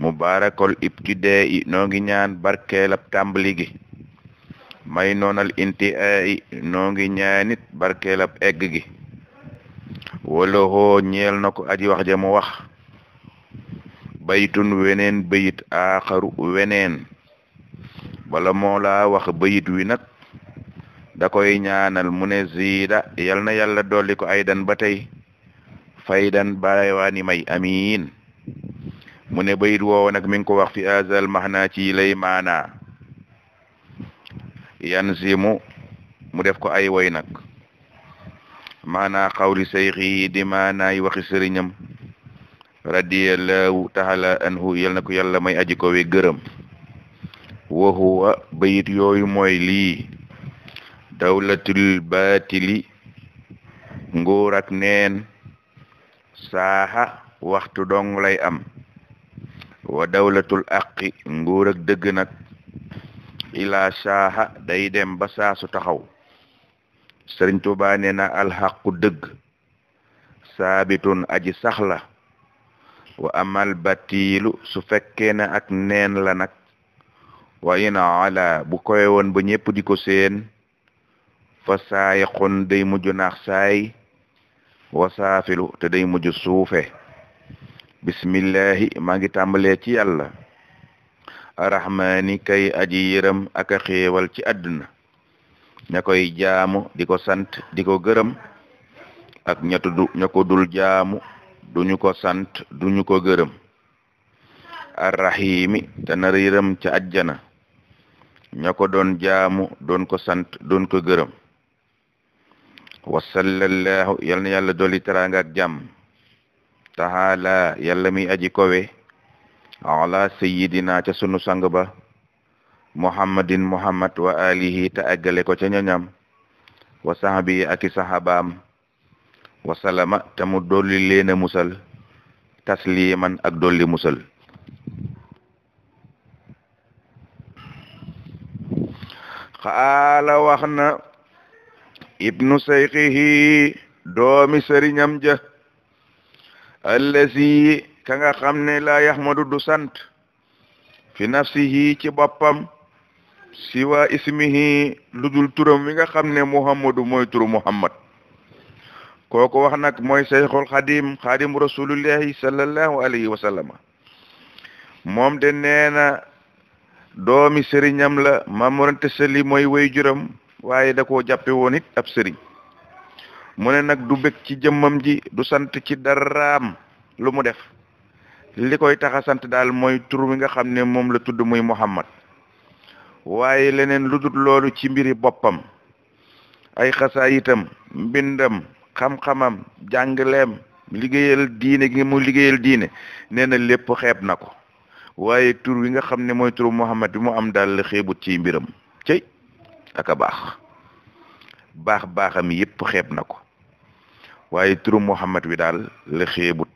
mubaarakol ibtidaa'i noo ngi ñaan barkeelab tàmbali gi may noonal intihaa'i noo ngi ñaanit barkeelab egg gi wala hoo ñeel na ko aji wax ja wax baytun weneen bayit aaxaru weneen bala moo wax bayit wi nag da koy ñaanal mu ne ziida yal na yàlla dolli ko aydan ba tey faydan baywaa ni may amiin mu ne bayit woowu nag mi ngi ko wax fi azal maxnaa ci lay maanaa yan simu mu def ko ay woy nag maanaa xawli sayxi di maanaay waxi sëriñam radiyallahu taala anhu yal ko yàlla may aji ko we gërëm wa huwa bayit yooyu mooy lii dawlatul baatili nguur ak neen saaxa waxtu dong lay am wa dawlatul aqi nguur dëgg nag ilaa saaha day dem ba saa su taxaw sëriñ Tuubaa nee na alxaqu dëgg saabitun aji sax la wa amal batiilu su fekkee ne ak neen la nag wa ina ala bu koy woon ba ñépp di ko seen fa saayaqun day mujj naax saay wa saafilu te day mujj suufe bismillahi maa ngi tàmbalee ci yàlla arrahmaani kay aji yërëm ak a ci àdduna ña koy jaamu di ko sant di ko gërëm ak ña dul jaamu duñu ko sant duñu ko gërëm arrahimi dana yërëm ca àjjana ña ko doon jaamu doon ko sant doon ko gërëm wasallallahu yal na yàlla dolli teraanga jàmm taala yàlla mi aji kowe ala ca sunu sang ba muhammadin wa alihi ta àggale ko ca ñoñam wa sahbi aki sahabaam wa salama ta mu dolli leen a musal tasliman ak dolli musal xaala wax ibnu sayxihi doomi sëriñam ja allazi ka nga xam ne la yahmadu du sant fi nafsihi ci boppam siwa ismihi ludul turam wi nga xam ne muhammadu mooy turu muhammad kooku wax nag mooy seyxul xadim xadim rasulullahi sallallahu alayhi wa sallam moom de nee na doomi sëriñam la Maam Mor Anta Sali mooy way juram waaye da koo jàppe woon it ab sëriñ mu ne nag du bëgg ci jëmmam ji du sant ci daraam lu mu def li koy tax sant daal mooy tur wi nga xam ne moom la tudd muy Muhammad waaye leneen lu dul loolu ci mbiri boppam ay xasaayitam mbindam xam-xamam jàngaleem liggéeyal diine gi mu liggéeyal diine nee na lépp xeeb na ko waaye tur wi nga xam ne mooy tur Muhammad bi mu am daal la xeebut ci mbiram cëy ak a baax baax baaxam yépp xeeb na ko waaye turu Muhammad wi daal la xeebut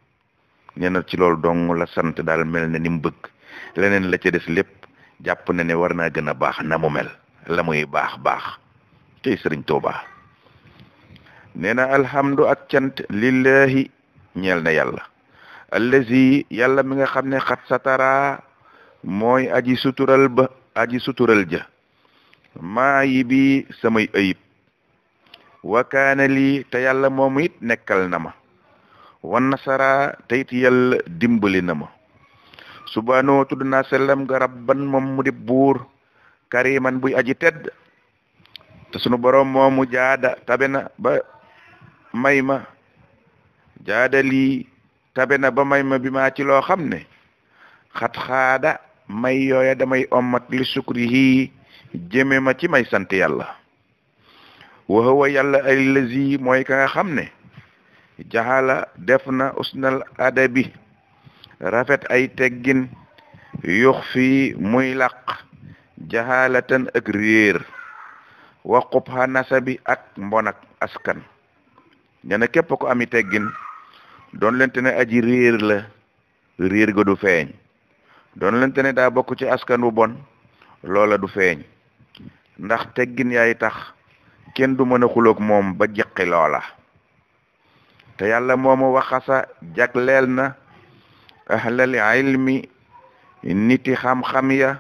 nee na ci loolu dong la sant daal mel na ni mu bëgg leneen la ca des lépp jàpp na ne war naa gën a baax na mu mel la muy baax baax tey sëriñ Tuubaa nee na alhamdu ak cant lillahi ñeel na yàlla si yàlla mi nga xam ne xat satara mooy aji sutural sutural ja maa yi bi samay ayib wakaana lii te yàlla moomu it nekkal na ma wan nasara te it dimbali na ma subhaanahu tudd naa sellam nga rabban moom mu di buur kariman buy aji tedd te sunu boroom moomu jaada tabe na ba may ma jaada lii tabe na ba may ma bi ci loo xam ne xat xaada may yooya damay ommat li sukrihi jëme ma ci may sant yàlla wa huwa ay allazi mooy ka nga xam ne jaxala def na usnal adabi rafet ay teggin yux fii muy làq jaxalatan ak réer wa xubxa nasabi ak mbonak askan ñene képp ko ami teggin doon lente ne aji réer la réer ga du feeñ doon lente ne daa bokk ci askan wu bon loola du feeñ ndax teggin yay tax kenn du mën xuloog moom ba jeqi loola te yàlla moomu waxasa jagleel na ahlal ilmi niti xam-xam ya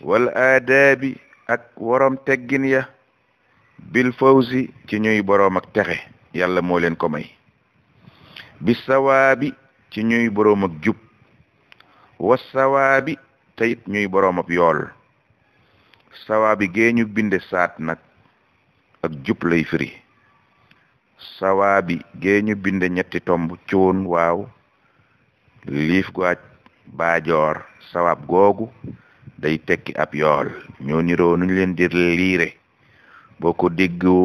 wal aadaabi ak worom teggin ya bil fawzi ci ñuy boroom ak texe yàlla moo leen ko may bi sawaabi ci ñuy boroom ak jub wa sawaabi te ñuy borom ak yool sawaabi gee ñu binde saat nag ak jub lay firi sawaa bi gée ñu binde ñetti tomb cuun waaw liif gu aj baajoor googu day tekki ab yool ñoo niroo nuñ leen dir liire boo ko diggu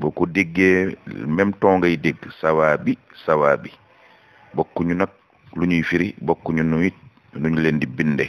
boo diggee même ton ngay dégg sawaa bi sawaa bi bokkuñu nag lu ñuy firi bokkuñu nu it nuñ leen binde